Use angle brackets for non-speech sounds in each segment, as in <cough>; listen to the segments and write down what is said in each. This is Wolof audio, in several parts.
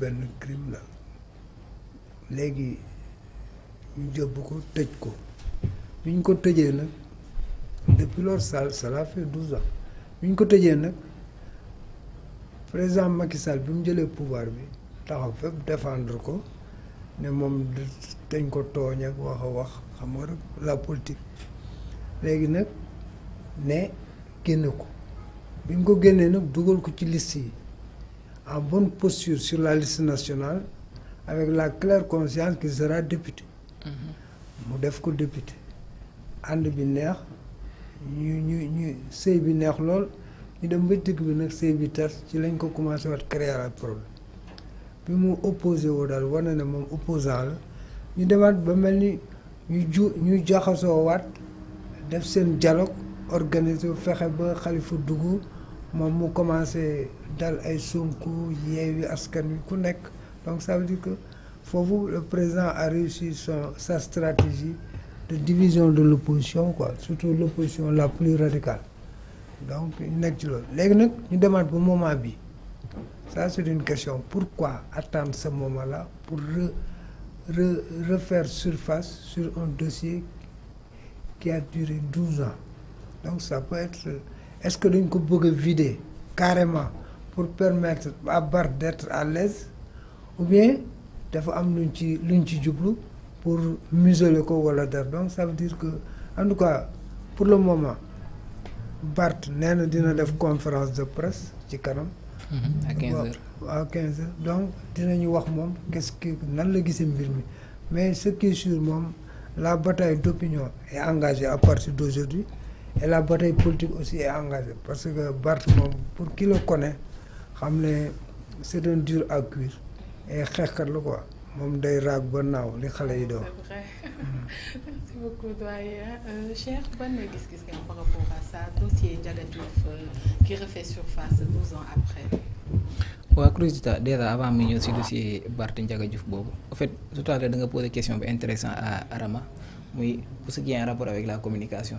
benn crime la léegi ñu jëbb ko tëj ko bi ko tëjee nag depuis lors ça ça fait ko tëjee nag président Macky Sall bi mu jëlee pouvoir bi taxaw fépp défendre ko ne moom dañ ko tooñ ak wax wax xam nga la politique léegi nag ne génn ko biñ ko génnee nag dugal ko ci liste yi. en bonne posture sur la liste nationale avec la claire conscience qu'il sera député mhm. mu def ko député ànd bi neex ñu ñu ñu sëy bi neex lool ñu dem ba digg bi nag sëy bi tas ci lañ ko commencé waat créer ak problème bi mu opposé woo daal war na ne moom opposant la ñu demaat ba mel ni ñu ju ñu jaxasoo waat def seen dialogue organisé fexe ba xalifa dugg moom mu commencé dal ay Sonko Yewwi Askan Wi ku nekk donc ça veut dire foofu le président a réussi son sa stratégie de division de l'opposition quoi surtout l'opposition la plus radicale donc nekk ci loolu léegi nag ñu demaat bu moment bi ça c'est une question pourquoi attendre ce moment là pour re, re, refaire surface sur un dossier qui a duré douze ans donc ça peut être est-ce que dañ ko bëgg a vider carrément pour permettre à Barth d'être à l'aise ou bien dafa am luñ ci lu luñ ci jublu pour museler ko wala dara donc ça veut dire que en tout cas pour le moment Barth nee na dina def conférence de presse ci kanam. Mm-hmm. à 15 heures à 15 heures donc dinañu wax moom qu'est-ce que nan la gisee mbir mi mais ce qui est moom la bataille d'opinion est engagée à partir d'aujourd'hui et la bataille politique aussi est engagée parce que barte moom pour qui le connaît xam ne c'est un dur à cuire et xeexkat la quoi moom day raag ba naaw li xale yi doon. merci beaucoup euh, gis-gis nga par rapport à ça dossier Ndiaga Diouf euh, qui refait surface 12 ans après. waaw Cruzita déjà avant mi ñëw si dossier Barth Ndiaga Diouf boobu en fait tout à l'heure da nga posé question bi intéressant à Arama muy pour ce qui est en rapport avec la communication.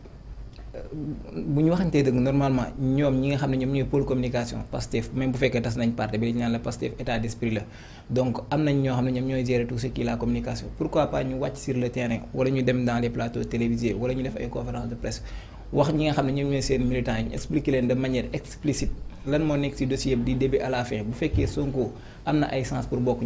bu ñu waxantee dëgg normalement ñoom ñi nga xam ne ñoom ñooy pôle communication Pastef même bu fekkee tas nañ parti bi dañu naan la Pastef état d'esprit la donc am nañ ñoo xam ne ñoom ñooy gérer tout ce qui est la communication pourquoi pas ñu wàcc sur le terrain wala ñu dem dans les plateaux télévisés ñu def ay conférences de presse wax ñi nga xam ne ñoom ñooy seen militants yi ñu expliquer leen de manière explicite lan moo nekk ci dossier di début bu fekkee Sonko am na ay sens pour bokk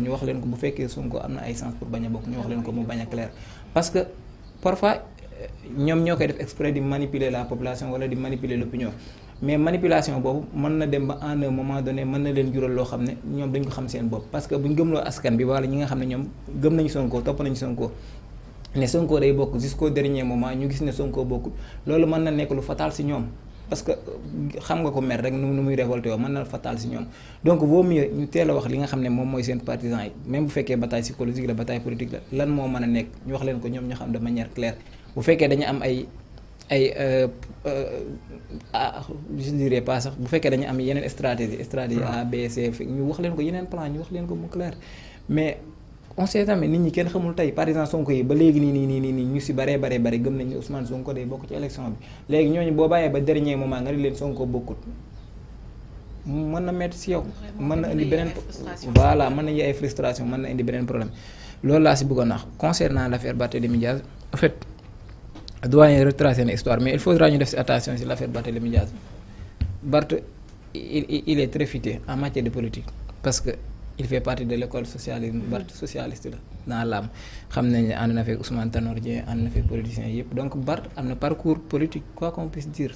ñoom ñoo koy def exprès di manipuler la population wala di manipuler l'opinion mais manipulation boobu mën na dem ba en un moment donné mën loo xam ne ñoom dañ xam seen bopp parce que bu ñu gëmloo askan bi wala ñi ne ñoom gëm nañu Sonko topp nañu Sonko ne Sonko moment ñu gis ne Sonko bokkul loolu mën na nekk lu fatal ci ñoom parce que xam nga ko mer rek nu muy révolté woo mën na fatal ci ñoom donc a wax li nga xam ne moom mooy seen partisan yi nekk ñu wax leen ko ñoom ñu xam de manière claire bu fekkee dañu am ay ay euh, euh, ah, je ne dirais pas bu fekkee dañu am yeneen stratégie stratégie A B ñu wax leen ko yeneen plan ñu wax leen ko mu clair mais on sait jamais nit ñi kenn xamul tey par exemple Sonko yi ba léegi nii nii nii nii ñu si baree baree bare gëm nañ ne Ousmane Sonko day bokk ci élection bi léegi ñooñu boo bàyyee ba dernier moment nga ne leen Sonko bokkut mën na mettre si yow. mën na indi beneen voilà mën nañu ay mën na indi beneen problème loolu laa si bëggoon a wax concernant l' affaire Barthélémy Diaz fet doyen retracé na histoire mais il faudra ñu def si attention si l'affaire Barthélémy Diaz Barth il est très futé en matière de politique parce que il fait partie de l'école socialisme Barth socialiste la dans l'âme xam nañ ne ànd na fekk Ousmane Tanor Dieng ànd na fekk politiciens yëpp donc Barth am na parcours politique quoi qu'on puisse dire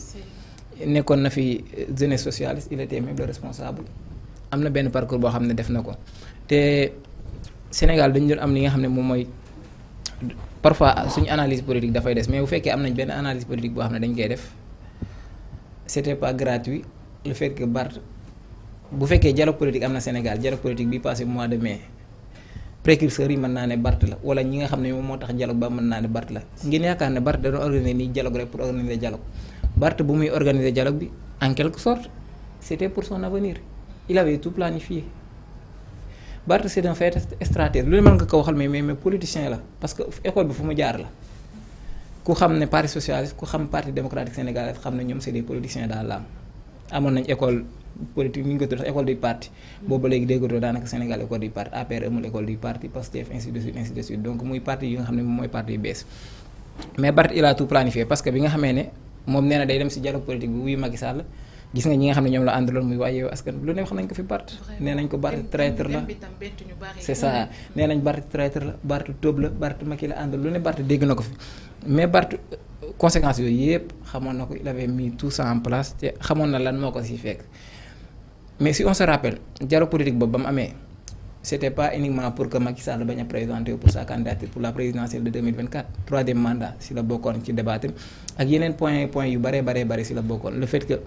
nekkoon na fi jeunesse socialiste il était même le responsable am na benn parcours boo xam ne def na ko te Sénégal dañu doon am li xam ne moom mooy parfois suñu analyse politique dafay des mais bu fekkee am nañ benn analyse politique boo xam ne dañ koy def c'était pas gratuit le fait que Barth bu fekkee dialogue politique am na Sénégal dialogue politique bi passé mois de mai précurseurs yi mën naa ne barte la wala ñi nga xam ne moom moo tax dialogue ba mën naa ne Barth la ngeen yaakaar ne Barth dana organiser nii dialogue rek pour organiser dialogue Barth bu muy organiser dialogue bi en quelque sorte c'était pour son avenir il avait tout planifié Barth c'est un fait lu ne nga ko waxal mais mais politicien la parce que école bi fu mu jaar la ku xam ne parti socialiste ku xam parti démocratique sénégalais xam ne ñoom c'est des daal la am amoon nañ école politique ñu ngi ko tudd du parti boobu léegi déggatoo daanaka Sénégal école du parti APR amul école du parti Pastef ainsi de suite suite donc muy parti yi nga xam ne moom mooy parti bees mais Barth il a tout planifié parce que bi nga xamee ne moom nee na day dem ci dialogue politique bi gis nga ñi nga xam ne ñoom la àndaloon muy waaye yow askan lu ne wax nañ ko fi Bart nee nañ ko Bart traître la c'est ça nee nañ Bart traître la Bart tóob la Bart Macky la àndal lu ne Bart dégg na ko fi mais Bart conséquences yooyu yëpp xamoon na ko il avait mis tout ça en place te xamoon na lan moo ko siy fekk mais si on se rappelle dialogue politique boobu ba mu amee c'était pas uniquement pour que Macky Sall bañ a présenté pour sa candidature pour yeneen point point yu baree baree bare si la bokkoon le fait que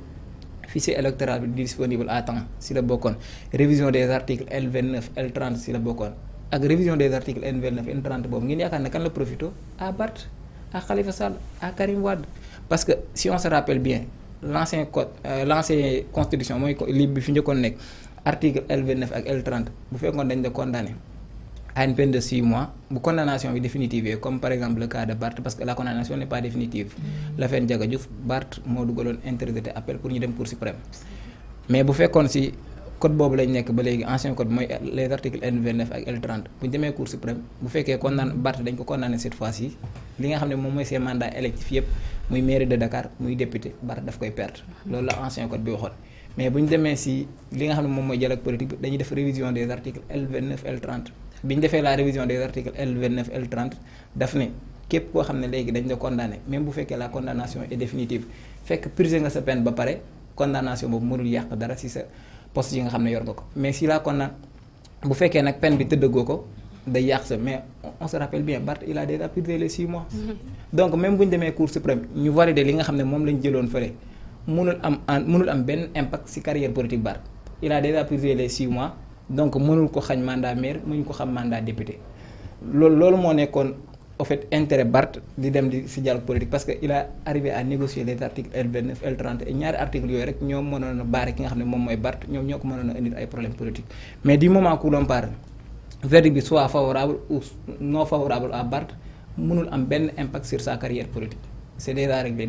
fichier électoral bi disponible à temps si la bokkoon révision des articles L29 L30 si la bokkoon ak révision des articles L29 L30 boobu ngeen yaakaar ne kan la profito à Barth à Khalifa Sall à Karim Wade parce que si on se rappelle bien l'ancien code euh, l'ancien constitution mooy li bi fi njëkkoon nekk article L29 ak L30 bu fekkoon dañ la condamné. à une peine bu condamnation bi définitive comme par exemple le cas de parce que la condamnation n'est pas définitive mm. l'affaire Ndiaga Diouf Barth moo dugaloon interjeté appel pour ñu dem cour suprême mais bu fekkoon si code boobu lañ nekk ba léegi ancien code mooy les articles L29 ak demee cour suprême bu fekkee condamné Barth dañ ko condamné cette fois ci li nga xam ne moom mooy ses mandats électifs yëpp muy mairie de Dakar muy député Barth daf koy perte bi ñu defee la révision des articles L29 L30 daf ne képp koo xam ne léegi dañ la condamné même bu fekkee la condamnation est définitive fekk purgé nga sa peine ba pare condamnation boobu mënul yàq dara si sa poste yi nga xam ne yor nga ko mais si la condam bu fekkee nag peine bi tëddagoo ko day yàq sa mais on se rappelle bien Barth il a déjà purgé les 6 mois. Mm-hmm. donc même bu ñu demee cour suprême ñu valider li nga xam ne moom lañ jëloon fële mënul am mënul am benn si carrière politique Barth a déjà purgé les 6 donc mënul ko xañ mandat maire muñu ko xam mandat député loolu loolu moo nekkoon au fait intérêt Barth di dem di si dialogue politique parce que il a arrivé à négocier les articles L29 L30 et ñaari articles yooyu rek ñoo mënoon a baare ki nga xam ne moom mooy Barth ñoom ñoo ko mënoon a indil ay problèmes politiques mais du moment que l'on parle verdict bi soit favorable ou non favorable à barte mënul am benn impact sur sa carrière politique c'est déjà réglé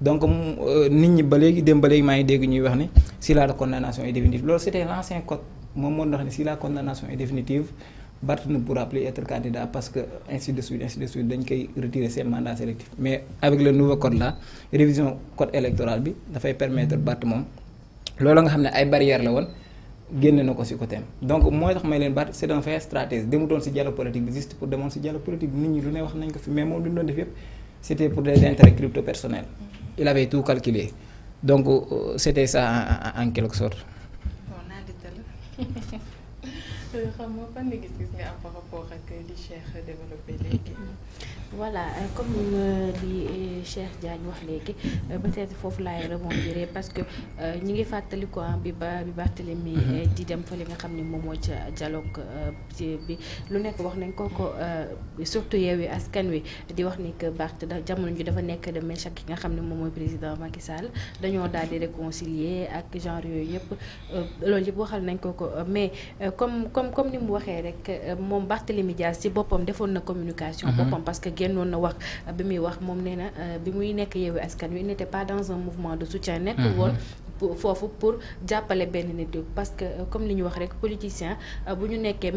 donc euh, nit ñi ba léegi dem ba léegi maa ngi dégg ñuy wax ni si la condamnation est définitive loolu c' était l' ancien code moom moo tax ne si la condamnation est définitive Barth ne pourra plus candidat parce que ainsi de suite ainsi de suite dañ koy retirer seen mandat sélectif mais avec le nouveau code là révision code électoral bi dafay permettre Barth moom loolu nga xam ne ay barrières la woon génne na ko si côté donc mooy tax may leen Barth il avait tout calculé donc euh, c'était ça en, en, en quelque sorte. <laughs> Euh, xam nga ban gis-gis nga am par rapport ak li Cheikh voilà euh, comme di euh, euh, Cheikh Diagne wax léegi peut-être foofu laay rebondir parce que ñi ngi fàttali ko bi ba bi Barthélemy mhm. di dem fa li nga xam ne moom moo ca dialogue bi lu nekk wax nañ ko ko surtout Yewwi Askan Wi di wax ni que Barth da jamono ji dafa nekk de mèche nga xam ne moom mooy président Macky Sall dañoo daal di réconcilier ak genre yooyu yëpp loolu yëpp waxal nañ ko ko mais comme comme comme ni mu waxee rek moom Barthélemy Dias ci boppam defoon na communication mhm. génnoon na wax bi muy wax moom nee euh, bi muy nekk yeewu askan wi n'était pas dans un mouvement de soutien nekk mhm. woon pour jàppale benn nit parce que euh, comme li ñu wax rek politicien euh, bu ñu nekkee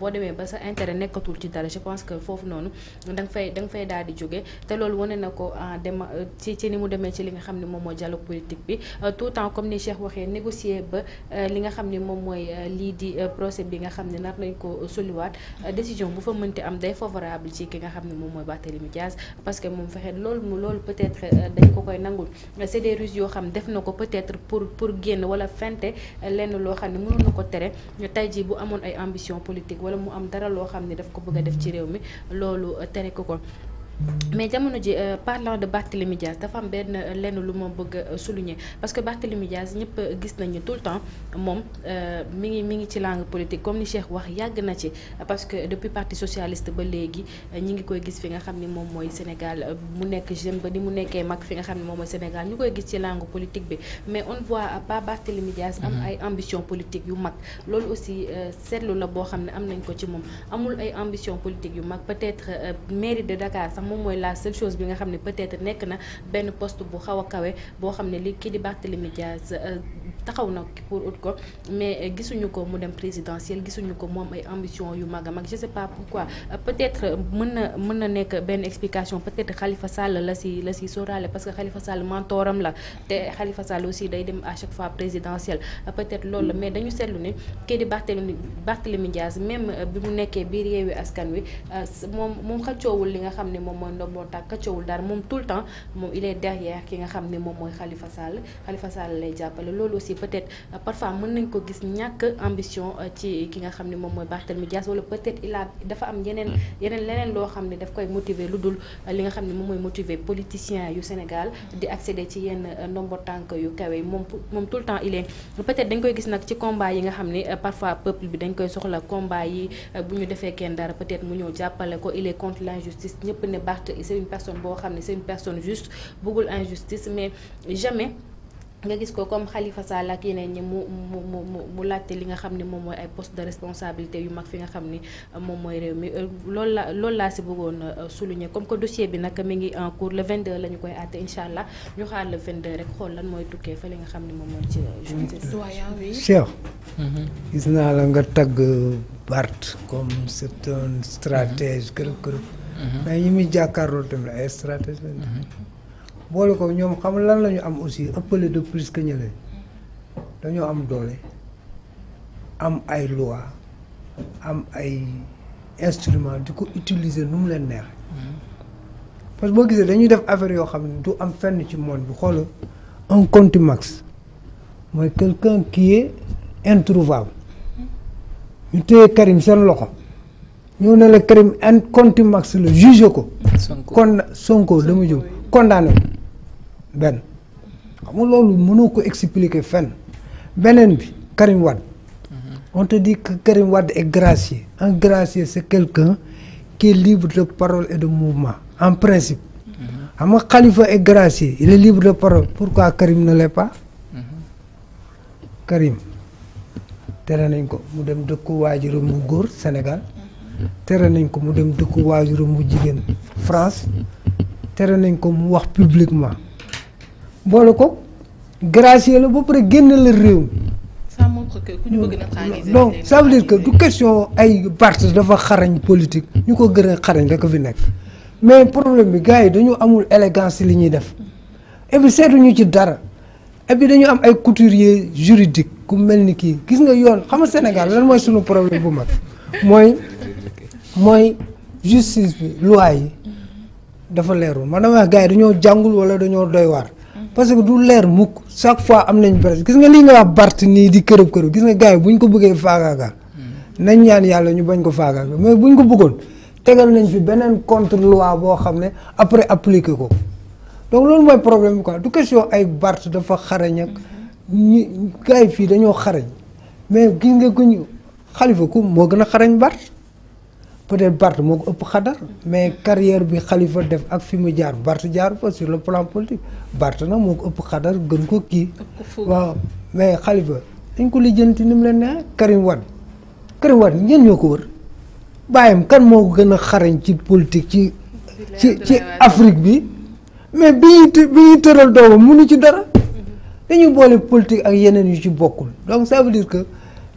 boo demee ba sa intérêt nekkatul ci dara je pense que foofu noonu da nga fay da nga fay daal di jóge te loolu wane na ko dem ci ci ni mu demee ci li nga xam ne moom mooy dialogue politique bi tout comme ni Cheikh waxee négocier ba li nga xam ne moom mooy lii di procès bi nga xam ne nar nañ ko soliwaat décision bu fa mënti am day favorable ci ki nga xam ne moom mooy Barthélemy Diaz parce que moom fexe loolu mu loolu peut-être euh, dañ ko koy nangul c'est des ruses yoo xam ne def na ko peut-être pour pour génn wala fente lenn loo xam ne mënoon na ko tere tey jii bu amoon ay ambition politique wala mu am dara loo xam ne daf ko bëgg a def ci réew mi loolu euh, tere ko ko mais jamono ji euh, parlant de barte Barthélémy Diaz dafa am benn euh, lenn lu ma bëgg a euh, souligner parce que Barthélémy Diaz ñëpp gis nañu tout le temps moom mi ngi mi ngi ci langue politique comme ni Cheikh wax yàgg na ci parce que depuis parti socialiste ba léegi ñi ngi koy gis fi nga xam ni moom mooy Sénégal mu nekk jeune ba ni mu nekkee mag fi nga xam ne moom mooy Sénégal ñu koy gis ci langue politique bi mais on voit pas Barthélémy Diaz am mm-hmm. ay ambition politique yu mag loolu aussi seetlu la boo xam ne am nañ ko ci moom amul ay ambition politique yu mag peut-être mairie de moom mooy la seule chose bi nga xam ne peut nekk na benn poste bu xaw a kawe boo xam ne li kii di Barthélémy Diaz euh, taxaw na pour ut ko mais euh, gisuñu ko mu dem présidentielle gisuñu ko moom ay ambition yu mag a mag je sais pas pourquoi euh, peut-être euh, mën na mën na nekk benn explication peut-être Khalifa Sall la si la si sóoraale parce que Khalifa Sall mentoram la te Khalifa Sall aussi day dem à chaque fois présidentielle peut-être loolu la mais dañu seetlu ne kii di Barthélemy Barthélemy Diaz même bi mu nekkee biir Yewwi Askan Wi moom moom xëccoowul li nga xam ne moom mooy ndomboo tànk xëccoowul dara moom tout le temps moom il est derrière ki nga xam ne moom mooy Khalifa Sall Khalifa Sall lay jàppale loolu aussi peut-être euh, parfois mën nañ ko gis ñàkk ambition euh, ci ki nga xam ne moom mooy Barthélemy Dias wala peut-être il dafa am yeneen hmm. yeneen leneen loo xam ne daf koy motiver lu dul euh, li nga xam ne moom mooy motiver politiciens yu Sénégal di accéder ci yenn ndombo tànk yu kawe moom moom tout le temps il est peut-être dañ koy gis nag ci combat yi nga xam ni parfois peuple bi dañ koy soxla combat yi bu ñu defee kenn dara peut-être mu ñëw jàppale ko il est contre l'injustice ñëpp ne Barth c'est boo xam ne c'est une personne juste bëggul injustice mais jamais nga gis ko comme Khalifa Sall ak yeneen ñi mu mu mu mu laajte li nga xam ne moom mooy ay poste de responsabilité yu mag fi nga xam ni euh, moom mooy réew mi euh, lool la lool laa si bëggoon euh, souligner comme que dossier bi nag mi ngi en cours le 22 la ñu koy àtte incha allah ñu xaar le 22 rek xool lan mooy tukkee fa li nga xam ne moom mooy ci justice. doyen Cheikh. Mhm. gis naa la nga tagg Barth comme c'est un stratège mhm. kër kër. Mhm. ñi muy jàkkaarloo tamit boole ko ñoom xam lan la ñu am aussi ëppale de plus que ñële dañoo am doole am ay loi am ay instrument di ko utiliser nu mu leen neex parce que boo gisee dañuy def affaire yoo xam ne du am fenn ci monde bi xoolal un max mooy quelqu'un qui est introuvable ñu téye Karim seen loxo ñëw ne la Karim un contumax la juge ko kon Sonko dama jëm condamné benn xam nga mënoo ko expliquer fenn beneen bi Karim Wade. Mhm. on te dit que Karim Wade est gracié un gracié c'est quelqu'un qui est libre de parole et de mouvement en principe. Mhm. xam nga Khalifa est gracié il libre de parole pourquoi Karim ne l'est pas. Mhm. Karim tere nañ ko mu dem dëkku waajuram bu góor Sénégal tere nañ ko mu dem dëkku waajuram bu jigéen France tere nañ ko mu wax publiquement boole ko gracier la ba pare génn la réew mi. ñu bëgg na donc ça veut que du question ay parti dafa xarañ politique ñu ko gën a xarañ rek fi nekk mais problème bi gars yi dañu amul élégance li ñuy def et puis seetuñu ci dara et dañu am ay couturier juridique ku mel ni kii gis nga yoon xam nga Sénégal lan mooy suñu problème bu mag mooy mooy justice bi loi yi dafa leerul man dama wax gars yi dañoo jàngul wala dañoo doy waar. parce que du leer mukk chaque fois am nañ presse gis nga lii nga wax Barth nii di kërëb kërëb gis nga gars yi buñ ko bëggee faagaagal nañ ñaan yàlla ñu bañ ko faagaagal mais ñu ko bëggoon tegal nañ fi beneen contre loi boo xam ne après appliqué ko donc loolu mooy problème bi quoi du question ay Barth dafa xarañ ak ñi fii dañoo xarañ mais gis nga kuñ xalifa ku moo gën a xarañ Barth peut-être moo ko ëpp xadar mais carrière bi Khalifa def ak fi mu jaar Barth jaar fa sur le plan politique Barth na moo ko ëpp xadar gën ko kii waaw mais Khalifa dañ ko lijjanti ni mu leen ne Karim Wade Karim Wade ñeen ñoo ko wër bàyyam kan moo gën a xarañ ci politique ci ci ci Afrique bi mais bi ñuy bi ñuy tëral doomam mënu ci dara mhm. dañu boole politique ak yeneen yu ci bokkul donc ça veut dire que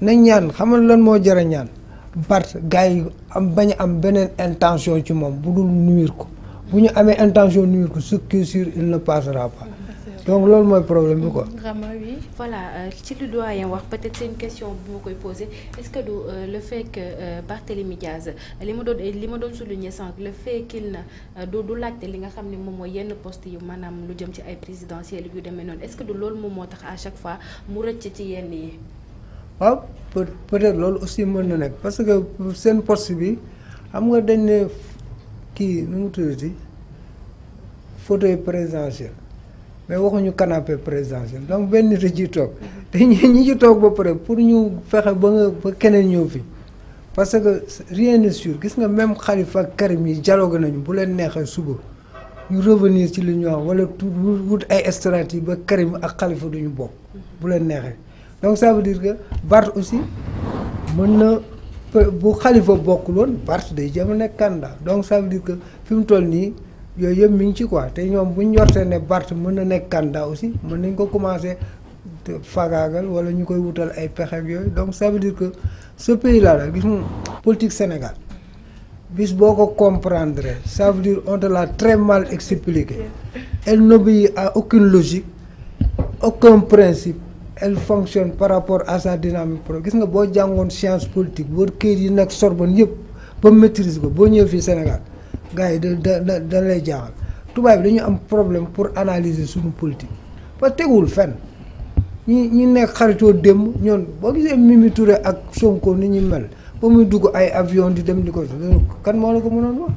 nañ ñaan xamal lan moo jar a ñaan Barth gars yi am bañ am beneen intention ci moom bu dul nuire ko bu ñu amee intention nuire ko ce qui est sûr il ne passera pas. Ah, donc loolu mooy problème bi ko vraiment oui voilà euh, ci lu doyen wax peut-être c'est une question bu ma koy poser est-ce que du euh, le fait que euh, Barthélémy li ma doon li ma doon souligner sànq le fait qu'il na du du laajte li nga xam ni moom mooy yenn post yu maanaam lu jëm ci ay présidentielles yu demee noonu est-ce que du loolu moom moo tax à chaque fois mu rëcc ci yenn yi. waaw peut peut-être loolu aussi mën na nekk parce que seen poste bi xam nga dañ ne kii nu mu tuddati fauteuil présidentiel mais waxuñu canapé présidentiel donc benn nit a toog te ñi ci toog ba pare pour ñu fexe ba nga ba keneen ñëw fii parce que rien n'est sûr gis nga même xalifa ak Karim yi dialogue nañu bu leen neexee suba ñu revenir ci li ñu wax wala tout wut ay yi ba Karim ak Khalifa duñu bokk bu leen neexee. donc ça veut dire que Barth aussi mën na bu xalifa bokkul woon Barth day jéem nekk candidat donc ça veut dire que fi mu toll nii yooyu yëpp mi ngi ci quoi te ñoom bu ñu yortee ne Barth mën na nekk candidat aussi mën nañ ko commencer fagaagal wala ñu koy wutal ay pexe ak yooyu donc ça veut dire que ce pays là la gis moom politique Sénégal bis boo ko comprendre ça veut dire on te l'a très mal expliqué elle n'obéit à aucune logique aucun principe elle fonctionne par rapport à sa dynamique propre gis nga boo jàngoon science politique boo këyit yi nag Sorbonne yëpp ba maîtrise ko boo ñëw fii Sénégal gars yi da da da lay jaaxal tubaab bi dañu am problème pour analyser suñu politique ba teguwul fenn ñi ñi nekk xaritoo démb ñoon boo gisee Mimi Touré ak Sonko ni ñu mel ba muy dugg ay avion di dem di ko kan moo la ko mënoon wax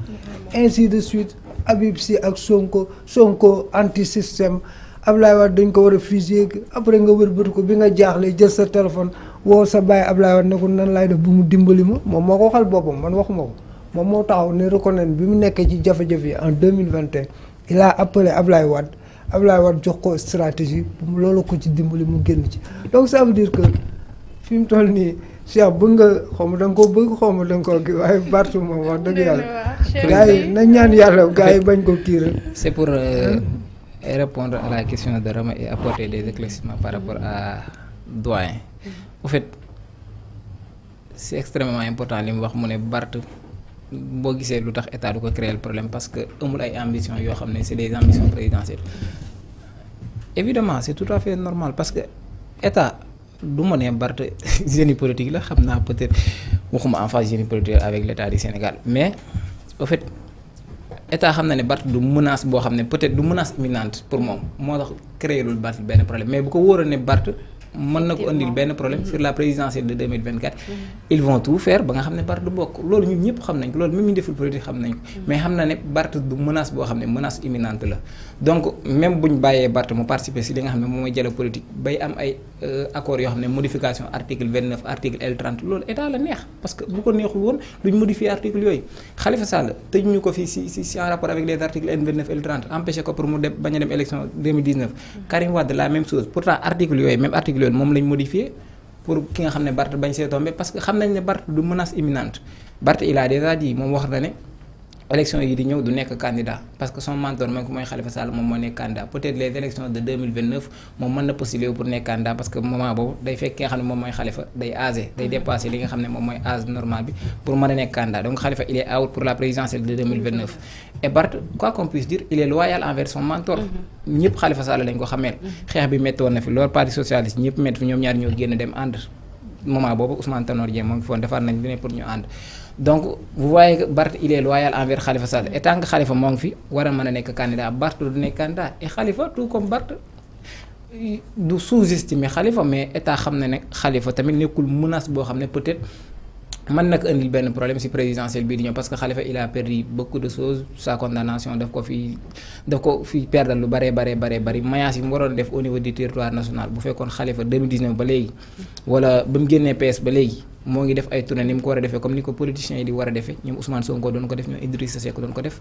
ainsi de suite Habib Sy ak Sonko Sonko anti système ab Ablaye Wade dañ ko war a fusillé après nga wëlbatu ko bi nga jaaxle jël sa téléphone woo sa ab Ablaye Wade ne ko nan laay def bu mu dimbali ma moom moo ko waxal boobam man waxuma ko moom moo taxaw ne reconnaître bi mu nekkee ci jafe-jafe yi en 2021 il a appelé Ablaye Wade Ablaye Wade jox ko stratégie loolu ko ci dimbali mu génn ci donc ça veut dire que fi mu toll nii Cheikh bëgg nga xaw ma da koo bëgg xaw ma da gi koo kii waaye Barth wax dëgg yàlla. <laughs> gars yi ñaan yàlla gars yi bañ ko kii rek. c'est pour euh, et répondre à la question de Rama et apporter des éclaircissements par rapport à doyen. en mm-hmm. fait c'est extrêmement important li mu wax mu ne Barth boo gisee lu tax état du ko créer problème parce que amul ay ambition yoo xam ne c'est des ambitions présidentielles évidemment c'est tout à fait normal parce que état du ma ne Barth <laughs> génie politique la xam naa peut-être waxuma en face génie avec l'état du Sénégal mais au fait état xam na ne Barth du menace boo xam ne peut-être du menace imminente pour moom moo tax créé lul benn problème mais bu ko wóoroon ne Barth mën na ko indil benn problème sur la présidentielle de 2024 mm-hmm. ils vont tout faire ba nga xam ne Barth du bokk loolu ñun ñëpp xam nañ ko loolu même ñu mm-hmm. bàyyee Barth mu participer si li nga xam ne moom mooy dialogue politique bay am ay euh, accords yoo xam ne modification article 29 article L30 loolu état la neex parce que bu ko neexul woon duñ modifier article yooyu Khalifa Sall tëj ñu ko fii si si en rapport avec les articles L29 l moom lañ modifié pour ki nga xam ne Barth bañ see tombé parce que xam nañ ne Barth du menace imminente Barth il a déjà dit moom wax na ne. élection yi di ñëw du nekk candidat parce que son mentor mooy ko mooy Khalifa Sall moom mooy Khalifa day âgé day dépassé li nga xam ne moom mooy âge normal bi pour mën a nekk candidat donc Khalifa il est out pour la présidentielle de 2029 et Barth quoi qu'on puisse dire il est loyal envers son mentor mhm. ñëpp Khalifa Sall lañ ko xameel mhm. xeex bi méttoon na fi loolu parti socialiste ñëpp métti fi ñoom ñaar ñoo génn dem ànd moment boobu Ousmane Tanor Dieng moo donc vous voyez que il est loyal envers Khalifa Sall et tant que Khalifa moo ngi fi war a mën a nekk candidat Barth du nekk candidat et Khalifa tout comme Barth du sous-estimer Khalifa mais état xam na ne xalifa tamit nekkul menace boo xam ne peut-être man nag indi benn problème ci présidentielle bii di ñëw parce que Khalifa il a perdu de choses sa condamnation daf ko fi daf ko fi perdal lu bare bare bare bari maillage yi mu waroon def au niveau du territoire national bu fekkoon Khalifa 2019 ba léegi wala ba mu génnee PS ba léegi moo ngi def ay tournée ni mu ko war a defee comme ni ko politiciens yi di war a defee ñoom Ousmane Sonko doon ko def ñoom Idrissa Seck doon ko def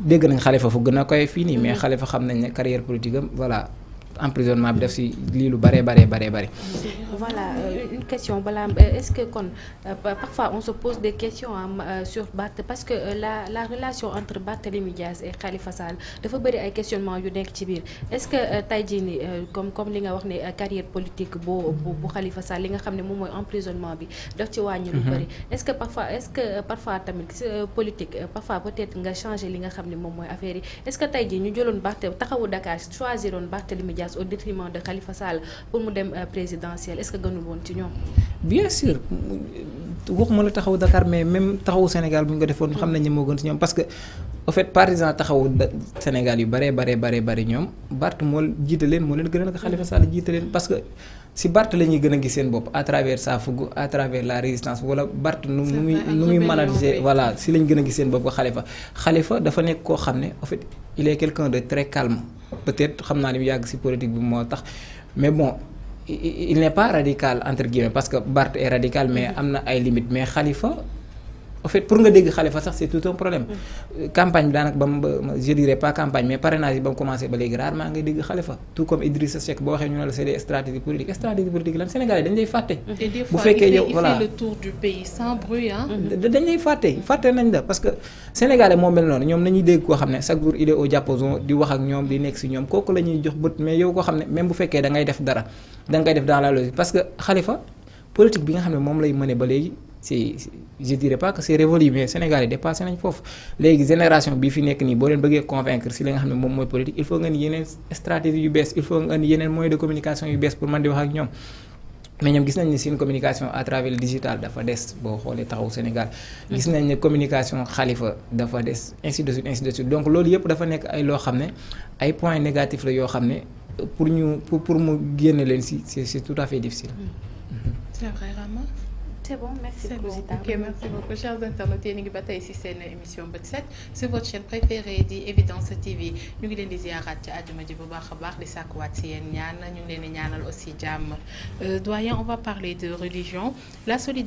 dégg nañ Khalifa fu gën a fii nii mais mhm. Khalifa xam nañ ne carrière politique am emprisonnement bi def si lii lu baree baree baree baree. voilà euh, une question balaa euh, est-ce que kon euh, parfois on se pose des questions sur Barth parce que la la relation entre Barthélémy Dias et Khalifa Sall dafa bëri ay questionnement yu nekk ci biir est-ce que tey jii nii comme comme li nga wax ne carrière politique boo bu Khalifa Sall li nga xam ne moom mooy emprisonnement bi daf ci wàññi lu mhm. bëri est-ce que parfois est-ce que parfois tamit politique parfois peut li nga xam ne moom mooy affaire yi est-ce que tey ñu jëloon Barth taxawu Dakar Niass au détriment de Khalifa Sall pour mu dem euh, présidentielle est-ce gënul woon ci ñoom. bien sûr waxuma la taxaw Dakar mais même taxawu Sénégal bu ñu nga defoon xam nañ ne moo gën ci ñoom parce que en fait partisan taxawu Sénégal yu bare bare bare bare ñoom bart moo jiite leen moo leen gënal nga xalifa Sall jiite leen parce que. si Barth la ñuy gën a gis seen bopp à travers saa fougue à travers la résistance wala Barth nu muy nu muy manager voilà si lañ gën a gis seen bopp ko Khalifa xalifa dafa nekk koo xam ne en fait il est quelqu'un de très calme peut-être xam naa li mu yàgg si politique bi moo tax mais bon il n'est pas radical entre guillemets parce que Barth est radical mais mm-hmm. am na ay limites mais Khalifa en fait pour nga dégg Khalifa sax c'est tout un problème euh, campagne bi daanaka ba mu ba je dirais pas campagne mais parrainage yi ba mu commencé ba léegi rarement ngay dégg Khalifa tout comme Idrissa Seck boo waxee ñu ne la c'est des stratégies stratégie politique lan Sénégal dañ moo mel noonu ñoom nañuy dégg koo xam ne chaque jour il o au diapason di wax ak ñoom di nekk si ñoom kooku la ñuy jox bët mais yow koo xam ne même bu fekkee da def dara da que Khalifa politique bi nga xam moom lay mëne ba c'est je dirais pas que c'est révolu mais Sénégal yi dépassé nañ foofu léegi génération bi fi nekk nii boo leen bëggee convaincre si li nga xam ne moom mooy politique il faut nga indi yeneen stratégie yu bees il faut nga indi yeneen moyens de communication yu bees pour mën di wax ak ñoom mais ñoom gis nañ ni seen communication à travers le digital dafa des boo xoolee taxaw Sénégal gis mm-hmm. nañ ne communication xalifa dafa des ainsi de suite ainsi de suite donc loolu yëpp dafa nekk loo xam ne ay points négatifs la yoo xam ne pour ñu pour pour mu génne leen si c'est tout à fait difficile. Mm-hmm. Mm-hmm. c'est c'est bon a ngi si seen émission bët set sur votre chaîne préférée di Evidence TV ñu ngi leen di ziaraat ci àjjuma ji bu baax a baax di sàkkuwaat si yéen ñaan ñu ngi leen di ñaanal aussi jàmm euh, doyen on va parler de religion la solidarité